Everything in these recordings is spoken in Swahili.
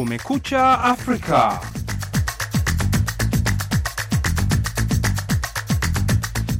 Kumekucha Afrika.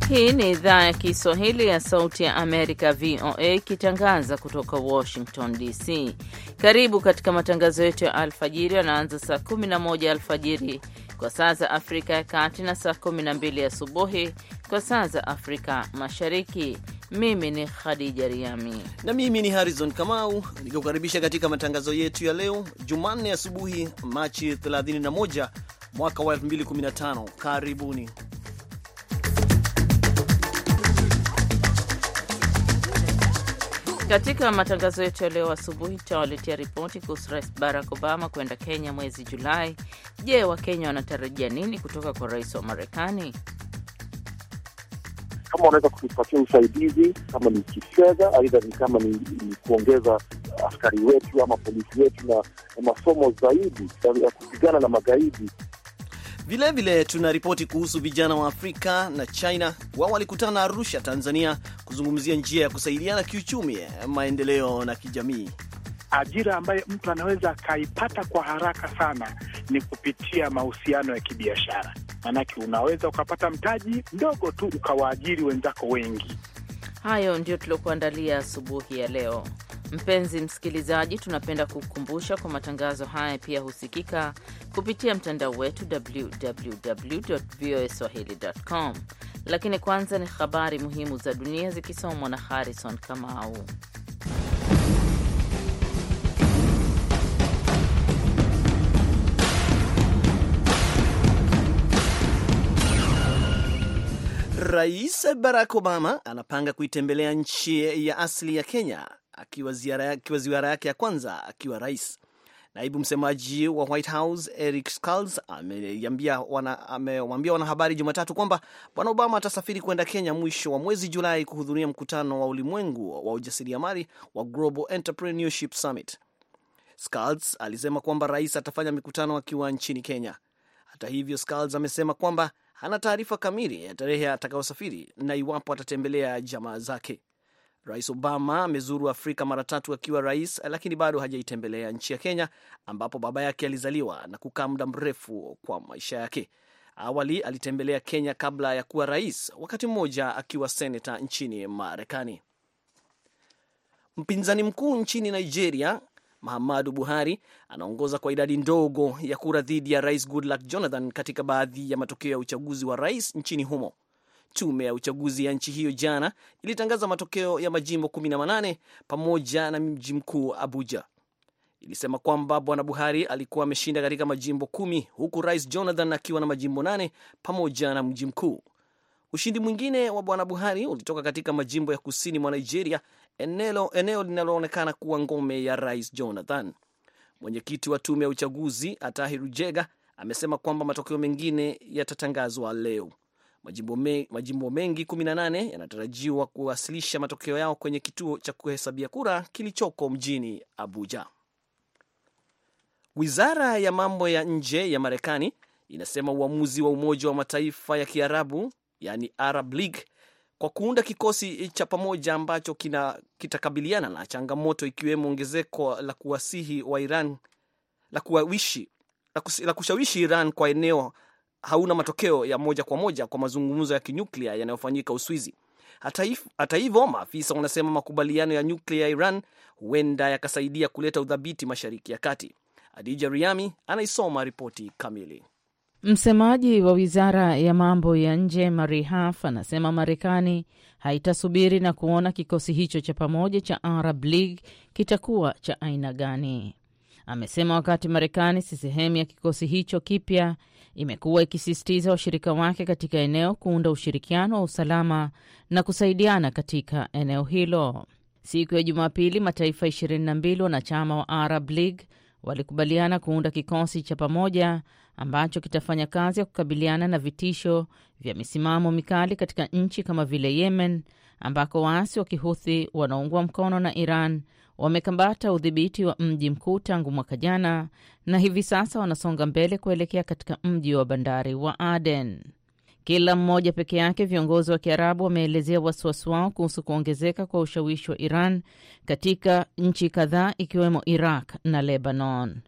Hii ni idhaa ya Kiswahili ya Sauti ya Amerika, VOA, ikitangaza kutoka Washington DC. Karibu katika matangazo yetu ya alfajiri, yanaanza saa 11 alfajiri kwa saa za Afrika ya Kati na saa 12 asubuhi kwa saa za Afrika Mashariki mimi ni Khadija Riami na mimi ni Harrison Kamau nikikukaribisha katika matangazo yetu ya leo Jumanne asubuhi, Machi 31 mwaka wa 2015. Karibuni. Katika matangazo yetu ya leo asubuhi tutawaletea ripoti kuhusu Rais Barack Obama kwenda Kenya mwezi Julai. Je, Wakenya wanatarajia nini kutoka kwa rais wa Marekani? kama wanaweza kutupatia usaidizi, kama ni kifedha, aidha ni kama ni kuongeza askari wetu ama polisi wetu na masomo zaidi ya kupigana na magaidi. Vilevile tuna ripoti kuhusu vijana wa Afrika na China. Wao walikutana Arusha, Tanzania, kuzungumzia njia ya kusaidiana kiuchumi, maendeleo na kijamii ajira ambayo mtu anaweza akaipata kwa haraka sana ni kupitia mahusiano ya kibiashara, maanake unaweza ukapata mtaji mdogo tu ukawaajiri wenzako wengi. Hayo ndio tuliokuandalia asubuhi ya leo. Mpenzi msikilizaji, tunapenda kukukumbusha kwa matangazo haya pia husikika kupitia mtandao wetu www voa swahili.com. Lakini kwanza ni habari muhimu za dunia zikisomwa na Harrison Kamau. Rais Barack Obama anapanga kuitembelea nchi ya asili ya Kenya akiwa ziara, akiwa ziara yake ya kwanza akiwa rais. Naibu msemaji wa White House Eric Schultz amewaambia wana, wanahabari Jumatatu kwamba bwana Obama atasafiri kwenda Kenya mwisho wa mwezi Julai kuhudhuria mkutano wa ulimwengu wa ujasiriamali wa Global Entrepreneurship Summit. Schultz alisema kwamba rais atafanya mikutano akiwa nchini Kenya. Hata hivyo, Schultz amesema kwamba hana taarifa kamili ya tarehe atakayosafiri na iwapo atatembelea jamaa zake. Rais Obama amezuru Afrika mara tatu akiwa rais, lakini bado hajaitembelea nchi ya Kenya ambapo baba yake alizaliwa na kukaa muda mrefu kwa maisha yake. Awali alitembelea Kenya kabla ya kuwa rais, wakati mmoja akiwa seneta nchini Marekani. Mpinzani mkuu nchini Nigeria Mahamadu Buhari anaongoza kwa idadi ndogo ya kura dhidi ya rais Goodluck Jonathan katika baadhi ya matokeo ya uchaguzi wa rais nchini humo. Tume ya uchaguzi ya nchi hiyo jana ilitangaza matokeo ya majimbo 18 pamoja na mji mkuu Abuja. Ilisema kwamba bwana Buhari alikuwa ameshinda katika majimbo kumi huku rais Jonathan akiwa na majimbo nane pamoja na mji mkuu. Ushindi mwingine wa Bwana Buhari ulitoka katika majimbo ya kusini mwa Nigeria, eneo, eneo linaloonekana kuwa ngome ya Rais Jonathan. Mwenyekiti wa tume ya uchaguzi Atahiru Jega amesema kwamba matokeo mengine yatatangazwa leo. Majimbo, me, majimbo mengi 18 yanatarajiwa kuwasilisha matokeo yao kwenye kituo cha kuhesabia kura kilichoko mjini Abuja. Wizara ya mambo ya nje ya Marekani inasema uamuzi wa Umoja wa Mataifa ya Kiarabu yani Arab League kwa kuunda kikosi e, cha pamoja ambacho kina kitakabiliana na changamoto ikiwemo ongezeko la kuwasihi wa Iran la kuwawishi la, kus, la kushawishi Iran kwa eneo hauna matokeo ya moja kwa moja kwa mazungumzo ya kinyuklia yanayofanyika Uswizi. Hata hivyo, maafisa wanasema makubaliano ya nyuklia ya Iran huenda yakasaidia kuleta udhabiti Mashariki ya Kati. Adija Riami anaisoma ripoti kamili. Msemaji wa wizara ya mambo ya nje Mari Haf anasema Marekani haitasubiri na kuona kikosi hicho cha pamoja cha Arab League kitakuwa cha aina gani. Amesema wakati Marekani si sehemu ya kikosi hicho kipya, imekuwa ikisisitiza washirika wake katika eneo kuunda ushirikiano wa usalama na kusaidiana katika eneo hilo. Siku ya Jumapili, mataifa 22 wanachama wa Arab League walikubaliana kuunda kikosi cha pamoja ambacho kitafanya kazi ya kukabiliana na vitisho vya misimamo mikali katika nchi kama vile Yemen ambako waasi wa Kihuthi wanaungwa mkono na Iran wamekambata udhibiti wa mji mkuu tangu mwaka jana na hivi sasa wanasonga mbele kuelekea katika mji wa bandari wa Aden kila mmoja peke yake. Viongozi wa Kiarabu wameelezea wasiwasi wao kuhusu kuongezeka kwa ushawishi wa Iran katika nchi kadhaa ikiwemo Iraq na Lebanon.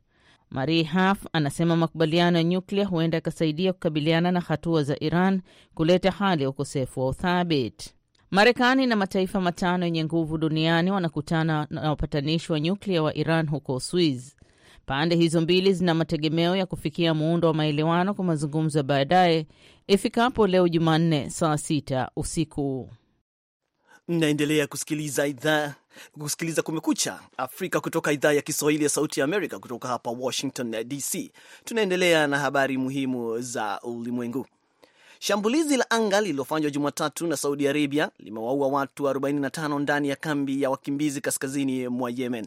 Marie Harf anasema makubaliano ya nyuklia huenda yakasaidia kukabiliana na hatua za Iran kuleta hali ya ukosefu wa uthabiti. Marekani na mataifa matano yenye nguvu duniani wanakutana na wapatanishi wa nyuklia wa Iran huko swiz Pande hizo mbili zina mategemeo ya kufikia muundo wa maelewano kwa mazungumzo ya baadaye ifikapo leo Jumanne saa sita usiku. Mnaendelea kusikiliza idhaa kusikiliza Kumekucha Afrika kutoka idhaa ya Kiswahili ya Sauti ya Amerika kutoka hapa Washington DC. Tunaendelea na habari muhimu za ulimwengu. Shambulizi la anga lililofanywa Jumatatu na Saudi Arabia limewaua watu 45 ndani ya kambi ya wakimbizi kaskazini mwa Yemen.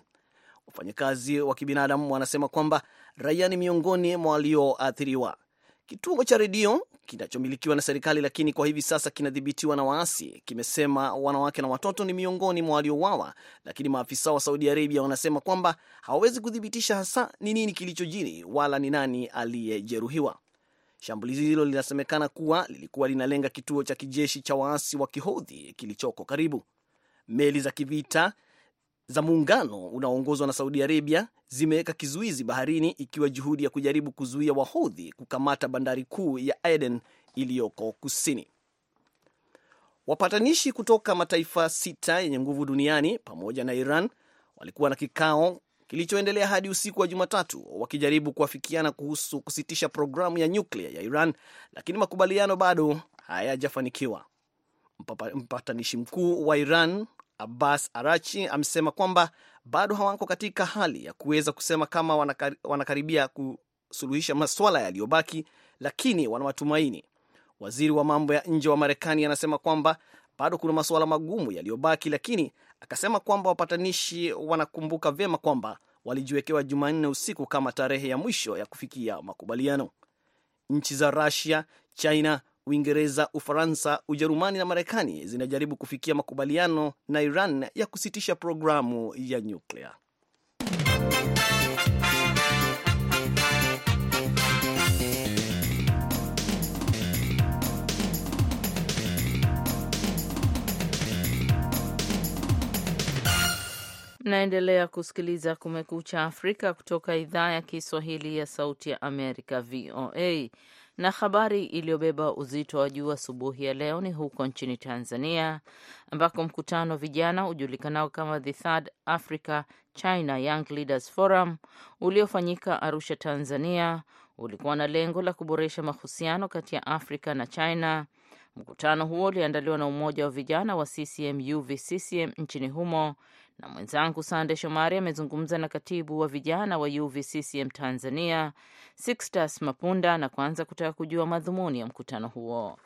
Wafanyakazi wa kibinadamu wanasema kwamba raia ni miongoni mwa walioathiriwa. Kituo cha redio kinachomilikiwa na serikali lakini kwa hivi sasa kinadhibitiwa na waasi kimesema wanawake na watoto ni miongoni mwa waliouawa, lakini maafisa wa Saudi Arabia wanasema kwamba hawawezi kuthibitisha hasa ni nini kilichojiri wala ni nani aliyejeruhiwa. Shambulizi hilo linasemekana kuwa lilikuwa linalenga kituo cha kijeshi cha waasi wa Kihodhi kilichoko karibu. Meli za kivita za muungano unaoongozwa na Saudi Arabia zimeweka kizuizi baharini, ikiwa juhudi ya kujaribu kuzuia wahodhi kukamata bandari kuu ya Aden iliyoko kusini. Wapatanishi kutoka mataifa sita yenye nguvu duniani pamoja na Iran walikuwa na kikao kilichoendelea hadi usiku wa Jumatatu wakijaribu kuafikiana kuhusu kusitisha programu ya nyuklia ya Iran, lakini makubaliano bado hayajafanikiwa. Mpatanishi mkuu wa Iran Abbas Arachi amesema kwamba bado hawako katika hali ya kuweza kusema kama wanakaribia kusuluhisha maswala yaliyobaki, lakini wana matumaini. Waziri wa mambo ya nje wa Marekani anasema kwamba bado kuna masuala magumu yaliyobaki, lakini akasema kwamba wapatanishi wanakumbuka vyema kwamba walijiwekewa Jumanne usiku kama tarehe ya mwisho ya kufikia makubaliano. Nchi za rasia China, Uingereza, Ufaransa, Ujerumani na Marekani zinajaribu kufikia makubaliano na Iran ya kusitisha programu ya nyuklia. Mnaendelea kusikiliza Kumekucha Afrika kutoka idhaa ya Kiswahili ya Sauti ya Amerika, VOA. Na habari iliyobeba uzito wa juu asubuhi ya leo ni huko nchini Tanzania ambako mkutano wa vijana ujulikanao kama The Third Africa China Young Leaders Forum uliofanyika Arusha, Tanzania ulikuwa na lengo la kuboresha mahusiano kati ya Afrika na China. Mkutano huo uliandaliwa na Umoja wa Vijana wa CCM UVCCM nchini humo na mwenzangu Sande Shomari amezungumza na katibu wa vijana wa UVCCM Tanzania Sixtas Mapunda na kuanza kutaka kujua madhumuni ya mkutano huo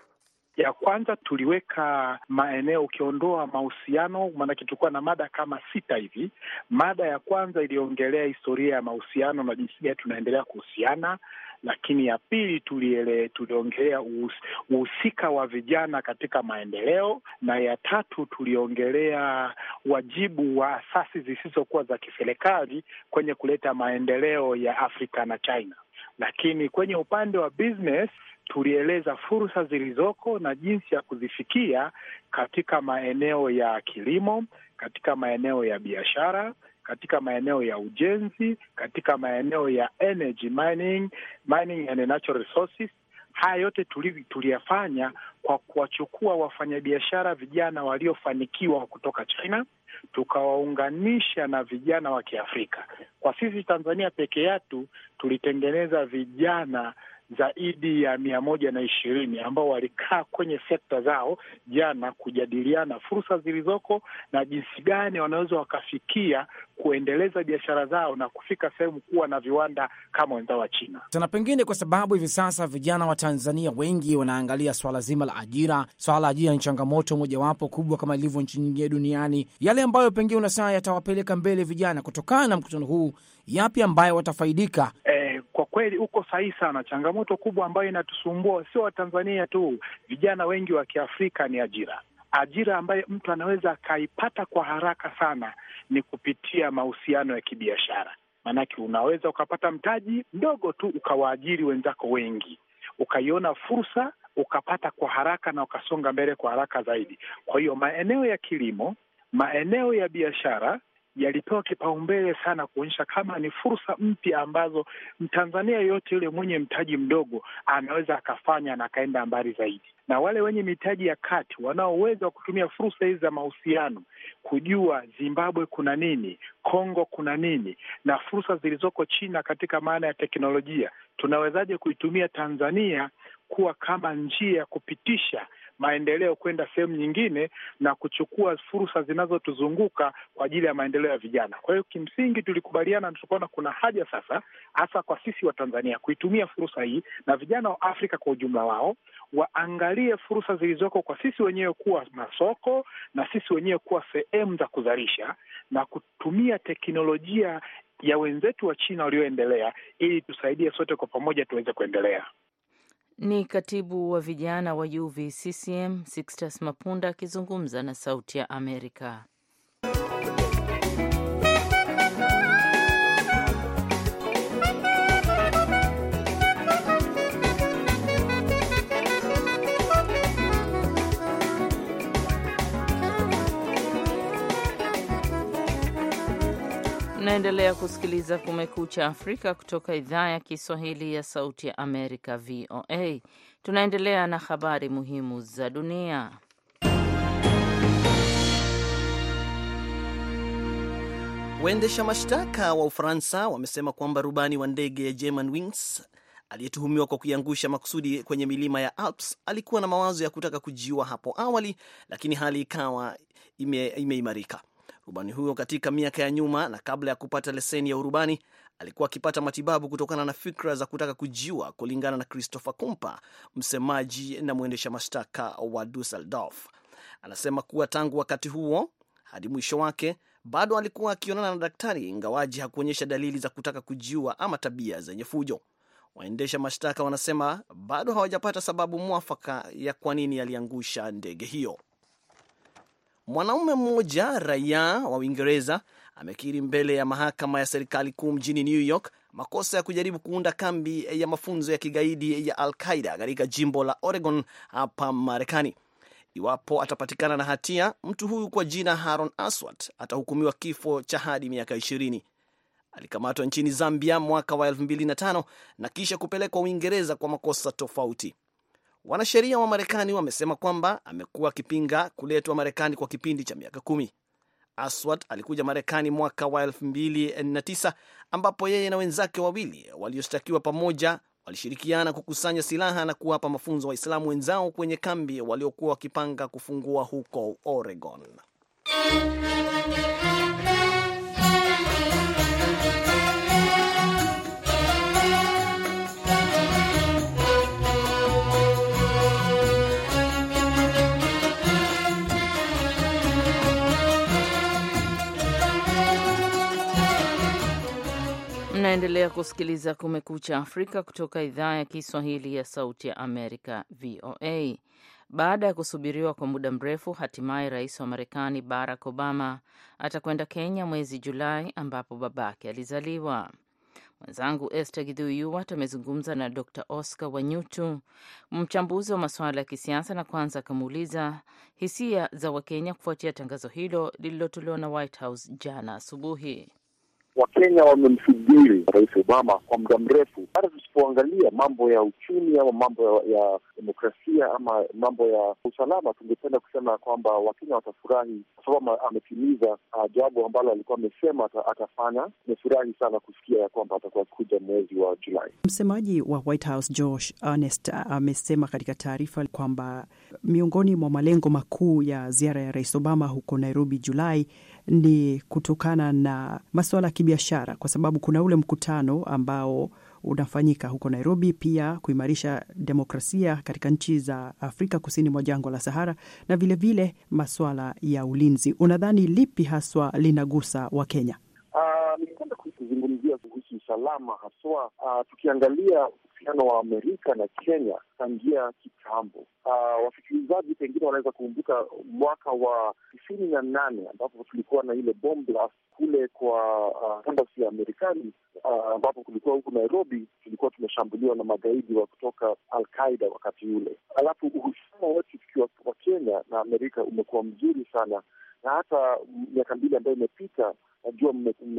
ya kwanza tuliweka maeneo, ukiondoa mahusiano, maanake tulikuwa na mada kama sita hivi. Mada ya kwanza iliongelea historia ya mahusiano na jinsi gani tunaendelea kuhusiana lakini ya pili tuliele, tuliongelea uhusika wa vijana katika maendeleo, na ya tatu tuliongelea wajibu wa asasi zisizokuwa za kiserikali kwenye kuleta maendeleo ya Afrika na China. Lakini kwenye upande wa business tulieleza fursa zilizoko na jinsi ya kuzifikia katika maeneo ya kilimo, katika maeneo ya biashara, katika maeneo ya ujenzi, katika maeneo ya energy mining, mining and natural resources. Haya yote tuliyafanya kwa kuwachukua wafanyabiashara vijana waliofanikiwa kutoka China tukawaunganisha na vijana wa Kiafrika. Kwa sisi Tanzania peke yetu tulitengeneza vijana zaidi ya mia moja na ishirini ambao walikaa kwenye sekta zao jana kujadiliana fursa zilizoko na jinsi gani wanaweza wakafikia kuendeleza biashara zao na kufika sehemu kuwa na viwanda kama wenzao wa China. Na pengine kwa sababu hivi sasa vijana wa Tanzania wengi wanaangalia swala zima la ajira. Swala la ajira ni changamoto mojawapo kubwa kama ilivyo nchi nyingine duniani. Yale ambayo pengine unasema yatawapeleka mbele vijana kutokana na mkutano huu, yapi ambayo watafaidika? E, kweli uko sahihi sana. Changamoto kubwa ambayo inatusumbua sio Watanzania tu, vijana wengi wa Kiafrika ni ajira ajira ambayo mtu anaweza akaipata kwa haraka sana ni kupitia mahusiano ya kibiashara. Maanake unaweza ukapata mtaji mdogo tu ukawaajiri wenzako wengi, ukaiona fursa ukapata kwa haraka na ukasonga mbele kwa haraka zaidi. Kwa hiyo maeneo ya kilimo, maeneo ya biashara yalipewa kipaumbele sana kuonyesha kama ni fursa mpya ambazo Mtanzania yoyote yule mwenye mtaji mdogo anaweza akafanya na akaenda mbali zaidi, na wale wenye mitaji ya kati wanaoweza wa kutumia fursa hizi za mahusiano kujua Zimbabwe kuna nini, Kongo kuna nini, na fursa zilizoko China katika maana ya teknolojia, tunawezaje kuitumia Tanzania kuwa kama njia ya kupitisha maendeleo kwenda sehemu nyingine na kuchukua fursa zinazotuzunguka kwa ajili ya maendeleo ya vijana. Kwa hiyo kimsingi, tulikubaliana na tukaona kuna haja sasa, hasa kwa sisi wa Tanzania kuitumia fursa hii na vijana wa Afrika kwa ujumla wao waangalie fursa zilizoko kwa sisi wenyewe kuwa masoko na sisi wenyewe kuwa sehemu za kuzalisha na kutumia teknolojia ya wenzetu wa China walioendelea ili tusaidie sote kwa pamoja tuweze kuendelea. Ni katibu wa vijana wa UVCCM Sixtus Mapunda akizungumza na Sauti ya Amerika. Mnaendelea kusikiliza Kumekucha Afrika kutoka idhaa ya Kiswahili ya Sauti ya Amerika, VOA. Tunaendelea na habari muhimu za dunia. Waendesha mashtaka wa Ufaransa wamesema kwamba rubani wa ndege ya wins aliyetuhumiwa kwa kuiangusha makusudi kwenye milima ya Alps alikuwa na mawazo ya kutaka kujiua hapo awali, lakini hali ikawa imeimarika ime Rubani huyo katika miaka ya nyuma na kabla ya kupata leseni ya urubani alikuwa akipata matibabu kutokana na fikra za kutaka kujiua, kulingana na Christopher Kumpa, msemaji na mwendesha mashtaka wa Dusseldorf. Anasema kuwa tangu wakati huo hadi mwisho wake bado alikuwa akionana na daktari, ingawaji hakuonyesha dalili za kutaka kujiua ama tabia zenye fujo. Waendesha mashtaka wanasema bado hawajapata sababu mwafaka ya kwa nini aliangusha ndege hiyo. Mwanaume mmoja raia wa Uingereza amekiri mbele ya mahakama ya serikali kuu mjini New York makosa ya kujaribu kuunda kambi ya mafunzo ya kigaidi ya Al Qaida katika jimbo la Oregon hapa Marekani. Iwapo atapatikana na hatia, mtu huyu kwa jina Haron Aswat atahukumiwa kifo cha hadi miaka ishirini. Alikamatwa nchini Zambia mwaka wa 25 na kisha kupelekwa Uingereza kwa makosa tofauti. Wanasheria wa Marekani wamesema kwamba amekuwa akipinga kuletwa Marekani kwa kipindi cha miaka kumi. Aswad alikuja Marekani mwaka wa 29 ambapo yeye na wenzake wawili walioshtakiwa pamoja walishirikiana kukusanya silaha na kuwapa mafunzo Waislamu wenzao kwenye kambi waliokuwa wakipanga kufungua huko Oregon. Unaendelea kusikiliza Kumekucha Afrika kutoka idhaa ya Kiswahili ya Sauti ya Amerika, VOA. Baada ya kusubiriwa kwa muda mrefu, hatimaye rais wa Marekani Barack Obama atakwenda Kenya mwezi Julai, ambapo babake alizaliwa. Mwenzangu Esther Gidhuyuwat amezungumza na Dr Oscar Wanyutu, mchambuzi wa masuala ya kisiasa, na kwanza akamuuliza hisia za Wakenya kufuatia tangazo hilo lililotolewa na White House jana asubuhi. Wakenya wamemsubiri Rais Obama kwa muda mrefu. Hata tusipoangalia mambo ya uchumi ama mambo ya, ya demokrasia ama mambo ya usalama, tungependa kusema kwamba Wakenya watafurahi kwa sababu ametimiza ah, jambo ambalo alikuwa amesema atafanya. Amefurahi sana kusikia ya kwamba atakuwa kuja mwezi wa Julai. Msemaji wa White House Josh Ernest amesema katika taarifa kwamba miongoni mwa malengo makuu ya ziara ya Rais Obama huko Nairobi Julai ni kutokana na masuala ya kibiashara, kwa sababu kuna ule mkutano ambao unafanyika huko Nairobi, pia kuimarisha demokrasia katika nchi za Afrika kusini mwa jangwa la Sahara na vilevile vile maswala ya ulinzi. Unadhani lipi haswa linagusa wa Kenya? Uh, ningependa kuzungumzia kuhusu usalama haswa, uh, tukiangalia uhusiano wa Amerika na Kenya tangia kitambo. Uh, wasikilizaji pengine wanaweza kukumbuka mwaka wa tisini na nane ambapo tulikuwa na ile bomb blast kule kwa kandasi uh, ya amerikani uh, ah, ambapo kulikuwa huku Nairobi, tulikuwa tumeshambuliwa na magaidi wa kutoka al qaida wakati ule. Alafu uhusiano wetu tukiwa wa Kenya na Amerika umekuwa mzuri sana, na hata miaka mbili ambayo imepita, najua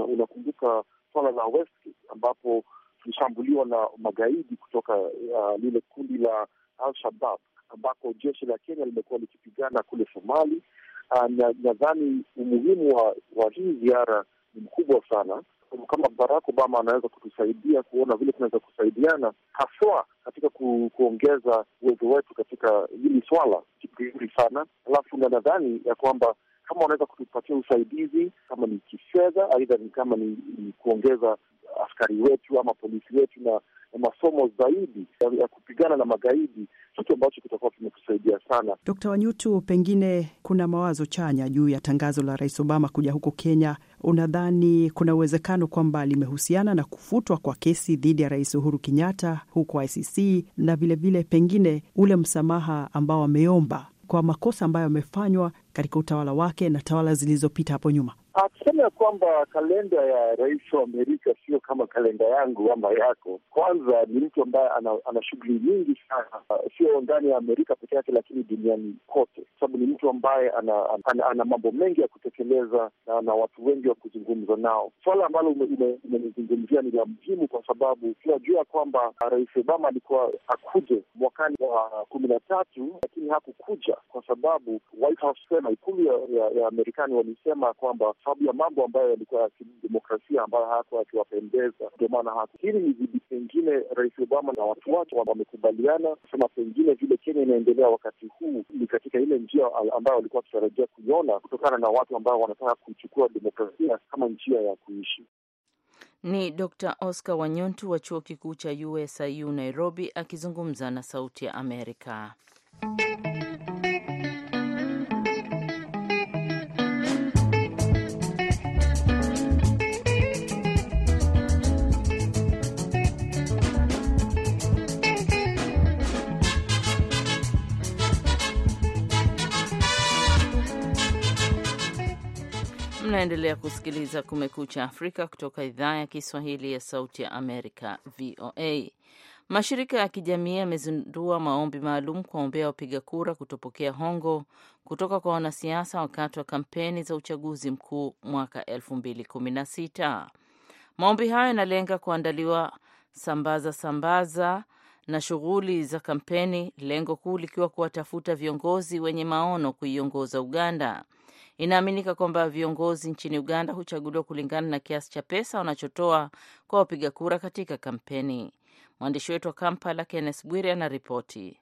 unakumbuka swala la Westgate ambapo ni shambulio la magaidi kutoka uh, lile kundi la Al-Shabab ambako jeshi la Kenya limekuwa likipigana kule Somali. Uh, nadhani umuhimu wa, wa hii ziara ni mkubwa sana. Kama Barack Obama anaweza kutusaidia kuona vile tunaweza kusaidiana haswa katika ku, kuongeza uwezo wetu katika hili swala, kitu kizuri sana alafu na nadhani ya kwamba kama wanaweza kutupatia usaidizi, kama ni kifedha, aidha ni kama ni, ni kuongeza askari wetu ama polisi wetu na, na masomo zaidi ya kupigana na magaidi, kitu ambacho kitakuwa kimetusaidia sana. d Wanyutu, pengine kuna mawazo chanya juu ya tangazo la Rais Obama kuja huko Kenya. Unadhani kuna uwezekano kwamba limehusiana na kufutwa kwa kesi dhidi ya Rais Uhuru Kenyatta huko ICC na vilevile pengine ule msamaha ambao ameomba kwa makosa ambayo yamefanywa katika utawala wake na tawala zilizopita hapo nyuma. Akisema ah, ya kwamba kalenda ya rais wa Amerika sio kama kalenda yangu ama yako. Kwanza ni mtu ambaye ana, ana shughuli nyingi sana, ah, sio ndani ya Amerika peke yake, lakini duniani kote, kwa sababu ni mtu ambaye ana, ana, ana, ana mambo mengi ya kutekeleza na ana watu wengi wa kuzungumza nao. swala ambalo umenizungumzia ni la muhimu, kwa sababu tunajua kwamba ah, rais Obama alikuwa akuje mwakani wa kumi na tatu, lakini hakukuja kwa sababu White House sema, ikulu ya, ya, ya Marekani walisema kwamba sababu ya mambo ambayo yalikuwa ya kidemokrasia ambayo hayakuwa yakiwapendeza. Ndio maana hata hili ni vidi, pengine Rais Obama na watu wake wamekubaliana kusema pengine vile Kenya inaendelea wakati huu ni katika ile njia ambayo walikuwa wakitarajia kuiona kutokana na watu ambao wanataka kuchukua demokrasia kama njia ya kuishi. Ni Dr Oscar Wanyontu wa chuo kikuu cha USIU Nairobi akizungumza na Sauti ya Amerika. Mnaendelea kusikiliza Kumekucha Afrika kutoka idhaa ya Kiswahili ya Sauti ya Amerika, VOA. Mashirika ya kijamii yamezindua maombi maalum kuwaombea wapiga kura kutopokea hongo kutoka kwa wanasiasa wakati wa kampeni za uchaguzi mkuu mwaka 2016. Maombi hayo yanalenga kuandaliwa sambaza sambaza na shughuli za kampeni, lengo kuu likiwa kuwatafuta viongozi wenye maono kuiongoza Uganda. Inaaminika kwamba viongozi nchini Uganda huchaguliwa kulingana na kiasi cha pesa wanachotoa kwa wapiga kura katika kampeni. Mwandishi wetu wa Kampala, Kenneth Bwire, anaripoti.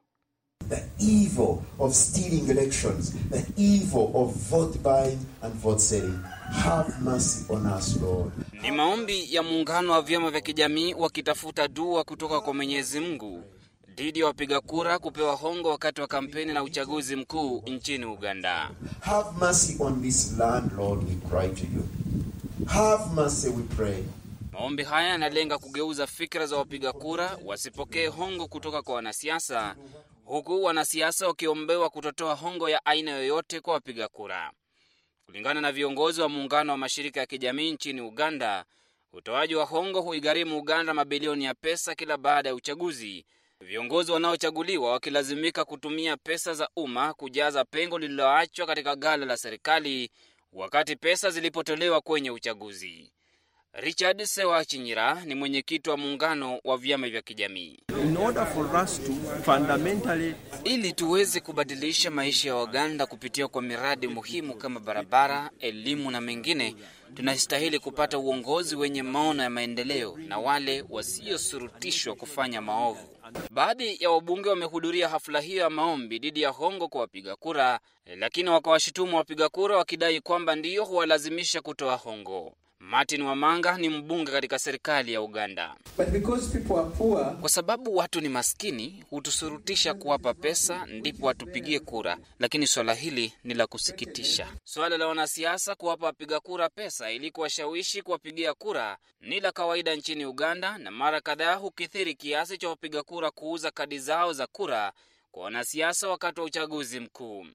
Ni maombi ya muungano wa vyama vya kijamii wakitafuta dua kutoka kwa Mwenyezi Mungu dhidi ya wapiga kura kupewa hongo wakati wa kampeni na uchaguzi mkuu nchini Uganda. Have mercy on this land, Lord, we cry to you. Have mercy, we pray. Maombi haya yanalenga kugeuza fikra za wapiga kura wasipokee hongo kutoka kwa wanasiasa, huku wanasiasa wakiombewa kutotoa hongo ya aina yoyote kwa wapiga kura. Kulingana na viongozi wa muungano wa mashirika ya kijamii nchini Uganda, utoaji wa hongo huigharimu Uganda mabilioni ya pesa kila baada ya uchaguzi, viongozi wanaochaguliwa wakilazimika kutumia pesa za umma kujaza pengo lililoachwa katika gala la serikali wakati pesa zilipotolewa kwenye uchaguzi. Richard Sewachinyira ni mwenyekiti wa muungano wa vyama vya kijamii. Fundamentally... ili tuweze kubadilisha maisha ya Waganda kupitia kwa miradi muhimu kama barabara, elimu na mengine, tunastahili kupata uongozi wenye maono ya maendeleo na wale wasiosurutishwa kufanya maovu. Baadhi ya wabunge wamehudhuria hafla hiyo ya maombi dhidi ya hongo kwa wapiga kura, lakini wakawashutumu wapiga kura wakidai kwamba ndiyo huwalazimisha kutoa hongo. Martin Wamanga ni mbunge katika serikali ya Uganda. Poor... kwa sababu watu ni maskini, hutusurutisha kuwapa pesa ndipo watupigie kura, lakini swala hili ni la kusikitisha. Swala la wanasiasa kuwapa wapiga kura pesa ili kuwashawishi kuwapigia kura ni la kawaida nchini Uganda, na mara kadhaa hukithiri kiasi cha wapiga kura kuuza kadi zao za kura kwa wanasiasa wakati wa uchaguzi mkuu.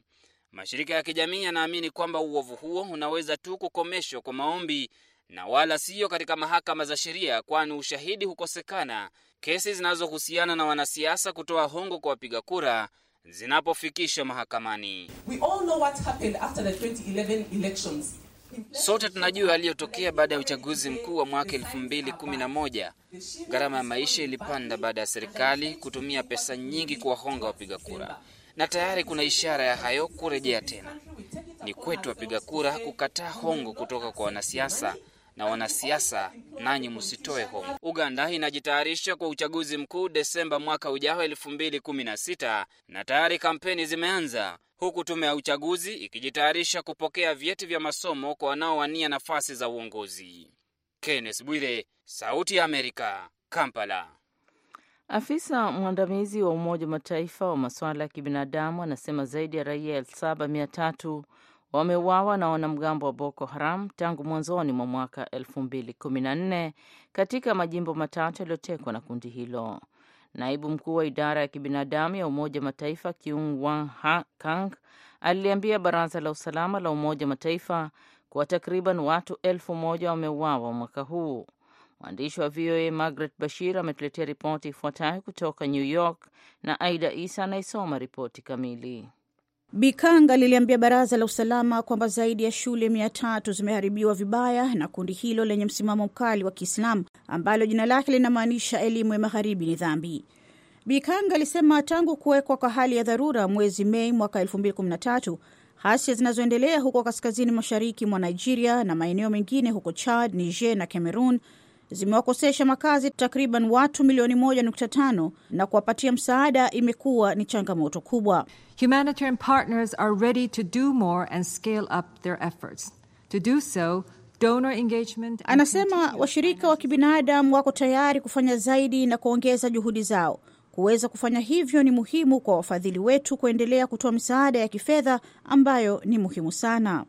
Mashirika ya kijamii yanaamini kwamba uovu huo unaweza tu kukomeshwa kwa maombi na wala siyo katika mahakama za sheria, kwani ushahidi hukosekana kesi zinazohusiana na wanasiasa kutoa hongo kwa wapiga kura zinapofikisha mahakamani. We all know what happened after the 2011 elections. Sote tunajua aliyotokea baada ya uchaguzi mkuu wa mwaka 2011. Gharama ya maisha ilipanda baada ya serikali kutumia pesa nyingi kuwahonga wapiga kura, na tayari kuna ishara ya hayo kurejea tena. Ni kwetu wapiga kura kukataa hongo kutoka kwa wanasiasa na wanasiasa, nanyi msitoe hofu. Uganda inajitayarisha kwa uchaguzi mkuu Desemba mwaka ujao 2016 na tayari kampeni zimeanza huku tume ya uchaguzi ikijitayarisha kupokea vyeti vya masomo kwa wanaowania nafasi za uongozi. Kenneth Bwire, Sauti ya Amerika, Kampala. Afisa mwandamizi wa Umoja wa Mataifa wa masuala ya kibinadamu anasema zaidi ya raia elfu saba mia tatu wameuawa na wanamgambo wa Boko Haram tangu mwanzoni mwa mwaka 2014 katika majimbo matatu yaliyotekwa na kundi hilo. Naibu mkuu wa idara ya kibinadamu ya Umoja wa Mataifa Kyung Wang Kang aliliambia Baraza la Usalama la Umoja wa Mataifa kuwa takriban watu elfu moja wameuawa mwaka huu. Mwandishi wa VOA Margaret Bashir ametuletea ripoti ifuatayo kutoka New York na Aida Isa anaisoma ripoti kamili. Bikanga liliambia baraza la usalama kwamba zaidi ya shule mia tatu zimeharibiwa vibaya na kundi hilo lenye msimamo mkali wa Kiislamu ambalo jina lake linamaanisha elimu ya magharibi ni dhambi. Bikanga alisema tangu kuwekwa kwa hali ya dharura mwezi Mei mwaka 2013 hasia zinazoendelea huko kaskazini mashariki mwa Nigeria na maeneo mengine huko Chad, Niger na Cameroon zimewakosesha makazi takriban watu milioni 1.5 na kuwapatia msaada imekuwa ni changamoto kubwa. Humanitarian partners are ready to do more and scale up their efforts. To do so, donor engagement. Anasema washirika wa kibinadamu wako tayari kufanya zaidi na kuongeza juhudi zao. Kuweza kufanya hivyo ni muhimu kwa wafadhili wetu kuendelea kutoa misaada ya kifedha ambayo ni muhimu sana.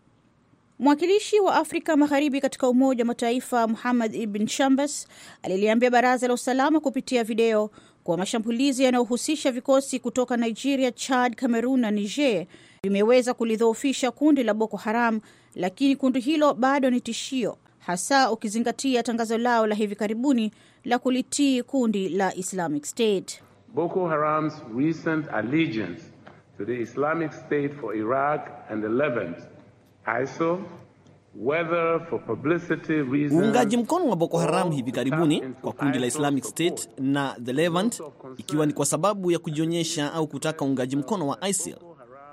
Mwakilishi wa Afrika Magharibi katika Umoja wa Mataifa Muhammad Ibn Shambas aliliambia Baraza la Usalama kupitia video kuwa mashambulizi yanayohusisha vikosi kutoka Nigeria, Chad, Cameroon na Niger vimeweza kulidhoofisha kundi la Boko Haram, lakini kundi hilo bado ni tishio, hasa ukizingatia tangazo lao la hivi karibuni la kulitii kundi la Islamic State. Boko Haram's recent allegiance to the Islamic State for Iraq and the Levant uungaji mkono wa Boko Haram hivi karibuni kwa kundi la Islamic State na the Levant, ikiwa ni kwa sababu ya kujionyesha au kutaka uungaji mkono wa ISIL,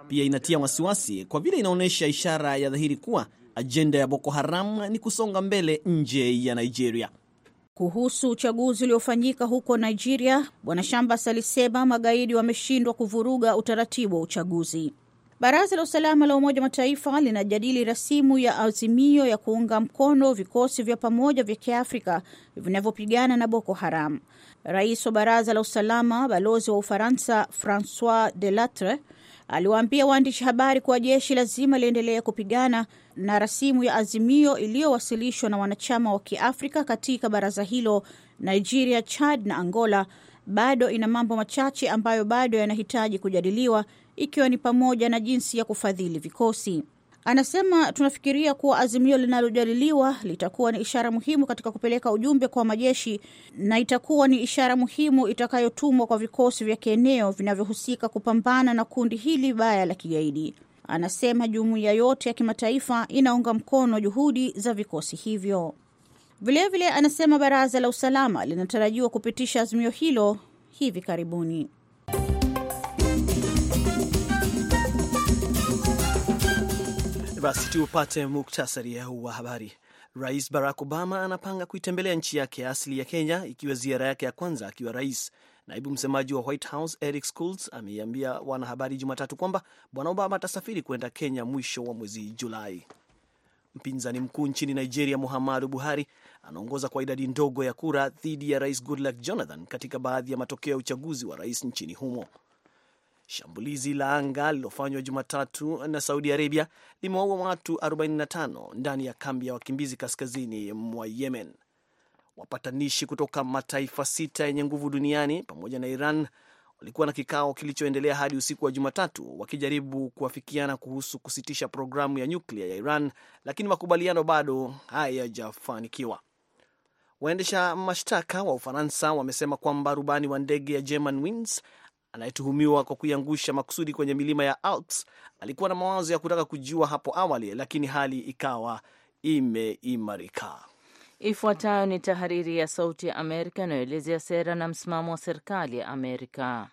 pia inatia wasiwasi kwa vile inaonyesha ishara ya dhahiri kuwa ajenda ya Boko Haram ni kusonga mbele nje ya Nigeria. Kuhusu uchaguzi uliofanyika huko Nigeria, Bwana Shambas alisema magaidi wameshindwa kuvuruga utaratibu wa uchaguzi. Baraza la Usalama la Umoja wa Mataifa linajadili rasimu ya azimio ya kuunga mkono vikosi vya pamoja vya Kiafrika vinavyopigana na Boko Haram. Rais wa Baraza la Usalama, balozi wa Ufaransa Francois de Latre, aliwaambia waandishi habari kuwa jeshi lazima liendelee kupigana na rasimu ya azimio iliyowasilishwa na wanachama wa Kiafrika katika baraza hilo, Nigeria, Chad na Angola, bado ina mambo machache ambayo bado yanahitaji kujadiliwa ikiwa ni pamoja na jinsi ya kufadhili vikosi. Anasema tunafikiria kuwa azimio linalojadiliwa litakuwa ni ishara muhimu katika kupeleka ujumbe kwa majeshi na itakuwa ni ishara muhimu itakayotumwa kwa vikosi vya kieneo vinavyohusika kupambana na kundi hili baya la kigaidi. Anasema jumuiya yote ya kimataifa inaunga mkono juhudi za vikosi hivyo. Vilevile vile, anasema baraza la usalama linatarajiwa kupitisha azimio hilo hivi karibuni. Basi tupate muktasari wa habari. Rais Barack Obama anapanga kuitembelea nchi yake ya asili ya Kenya, ikiwa ziara yake ya kwanza akiwa rais. Naibu msemaji wa White House Eric Schools ameiambia wanahabari Jumatatu kwamba bwana Obama atasafiri kwenda Kenya mwisho wa mwezi Julai. Mpinzani mkuu nchini Nigeria Muhammadu Buhari anaongoza kwa idadi ndogo ya kura dhidi ya rais Goodluck Jonathan katika baadhi ya matokeo ya uchaguzi wa rais nchini humo. Shambulizi la anga lililofanywa Jumatatu na Saudi Arabia limewaua watu 45 ndani ya kambi ya wakimbizi kaskazini mwa Yemen. Wapatanishi kutoka mataifa sita yenye nguvu duniani pamoja na Iran walikuwa na kikao kilichoendelea hadi usiku wa Jumatatu wakijaribu kuafikiana kuhusu kusitisha programu ya nyuklia ya Iran, lakini makubaliano bado hayajafanikiwa. Waendesha mashtaka wa Ufaransa wamesema kwamba rubani wa ndege ya Germanwings anayetuhumiwa kwa kuiangusha makusudi kwenye milima ya Alps alikuwa na mawazo ya kutaka kujiua hapo awali, lakini hali ikawa imeimarika. Ifuatayo ni tahariri ya Sauti ya Amerika inayoelezea sera na msimamo wa serikali ya Amerika.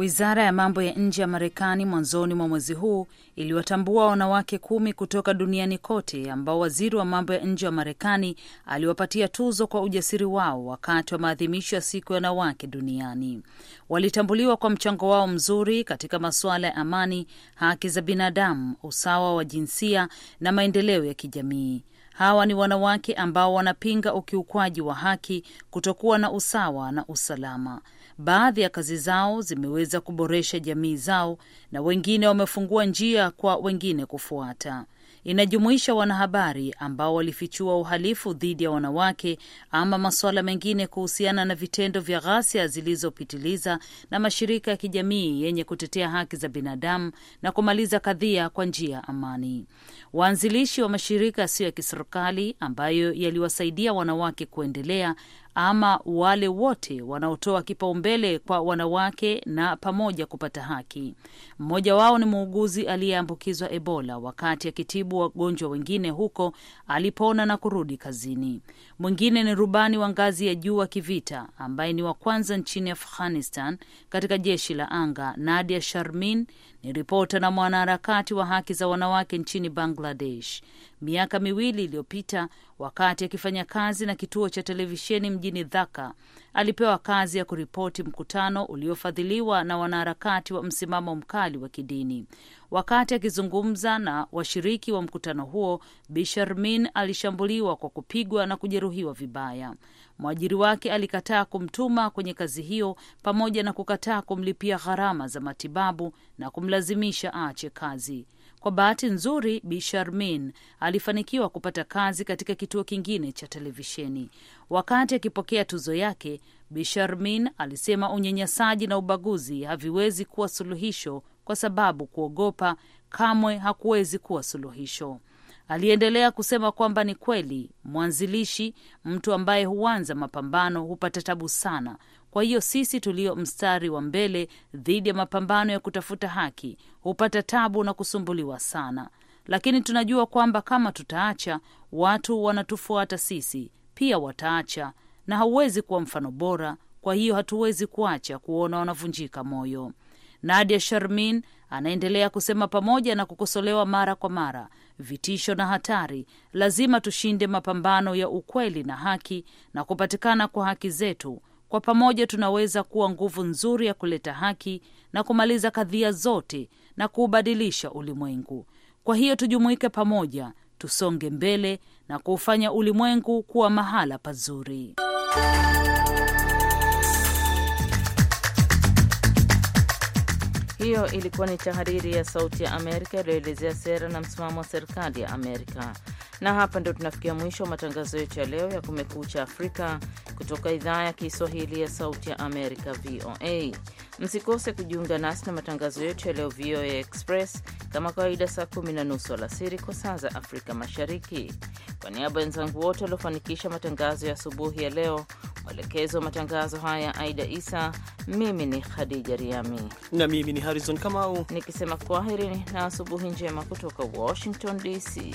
Wizara ya mambo ya nje ya Marekani mwanzoni mwa mwezi huu iliwatambua wanawake kumi kutoka duniani kote ambao waziri wa mambo ya nje wa Marekani aliwapatia tuzo kwa ujasiri wao wakati wa maadhimisho ya siku ya wanawake duniani. Walitambuliwa kwa mchango wao mzuri katika masuala ya amani, haki za binadamu, usawa wa jinsia na maendeleo ya kijamii. Hawa ni wanawake ambao wanapinga ukiukwaji wa haki, kutokuwa na usawa na usalama. Baadhi ya kazi zao zimeweza kuboresha jamii zao na wengine wamefungua njia kwa wengine kufuata. Inajumuisha wanahabari ambao walifichua uhalifu dhidi ya wanawake ama masuala mengine kuhusiana na vitendo vya ghasia zilizopitiliza na mashirika ya kijamii yenye kutetea haki za binadamu na kumaliza kadhia kwa njia amani. Waanzilishi wa mashirika yasiyo ya kiserikali ambayo yaliwasaidia wanawake kuendelea ama wale wote wanaotoa kipaumbele kwa wanawake na pamoja kupata haki. Mmoja wao ni muuguzi aliyeambukizwa Ebola wakati akitibu wagonjwa wengine huko, alipona na kurudi kazini. Mwingine ni rubani wa ngazi ya juu wa kivita ambaye ni wa kwanza nchini Afghanistan katika jeshi la anga, Nadia Sharmin ni ripota na mwanaharakati wa haki za wanawake nchini Bangladesh. Miaka miwili iliyopita, wakati akifanya kazi na kituo cha televisheni mjini Dhaka, alipewa kazi ya kuripoti mkutano uliofadhiliwa na wanaharakati wa msimamo mkali wa kidini. Wakati akizungumza na washiriki wa mkutano huo, bisharmin alishambuliwa kwa kupigwa na kujeruhiwa vibaya. Mwajiri wake alikataa kumtuma kwenye kazi hiyo pamoja na kukataa kumlipia gharama za matibabu na kumlazimisha aache kazi. Kwa bahati nzuri, bisharmin alifanikiwa kupata kazi katika kituo kingine cha televisheni. Wakati akipokea tuzo yake, bisharmin alisema unyanyasaji na ubaguzi haviwezi kuwa suluhisho kwa sababu kuogopa kamwe hakuwezi kuwa suluhisho. Aliendelea kusema kwamba ni kweli, mwanzilishi, mtu ambaye huanza mapambano hupata tabu sana. Kwa hiyo sisi tulio mstari wa mbele dhidi ya mapambano ya kutafuta haki hupata tabu na kusumbuliwa sana, lakini tunajua kwamba kama tutaacha, watu wanatufuata sisi pia wataacha, na hauwezi kuwa mfano bora. Kwa hiyo hatuwezi kuacha kuona wanavunjika moyo. Nadia Sharmin anaendelea kusema pamoja na kukosolewa mara kwa mara vitisho na hatari, lazima tushinde mapambano ya ukweli na haki na kupatikana kwa haki zetu. Kwa pamoja tunaweza kuwa nguvu nzuri ya kuleta haki na kumaliza kadhia zote na kuubadilisha ulimwengu. Kwa hiyo tujumuike pamoja, tusonge mbele na kuufanya ulimwengu kuwa mahala pazuri. Hiyo ilikuwa ni tahariri ya Sauti ya Amerika iliyoelezea sera na msimamo wa serikali ya Amerika. Na hapa ndio tunafikia mwisho wa matangazo yetu ya leo ya Kumekucha Afrika kutoka idhaa ya Kiswahili ya Sauti ya Amerika, VOA. Msikose kujiunga nasi na matangazo yetu ya leo VOA Express kama kawaida, saa kumi na nusu alasiri kwa saa za Afrika Mashariki. Kwa niaba ya wenzangu wote waliofanikisha matangazo ya asubuhi ya leo, mwelekezi wa matangazo haya Aida Isa, mimi ni Khadija Riami na mimi ni Harrison Kamau nikisema kwaherini na asubuhi njema kutoka Washington DC.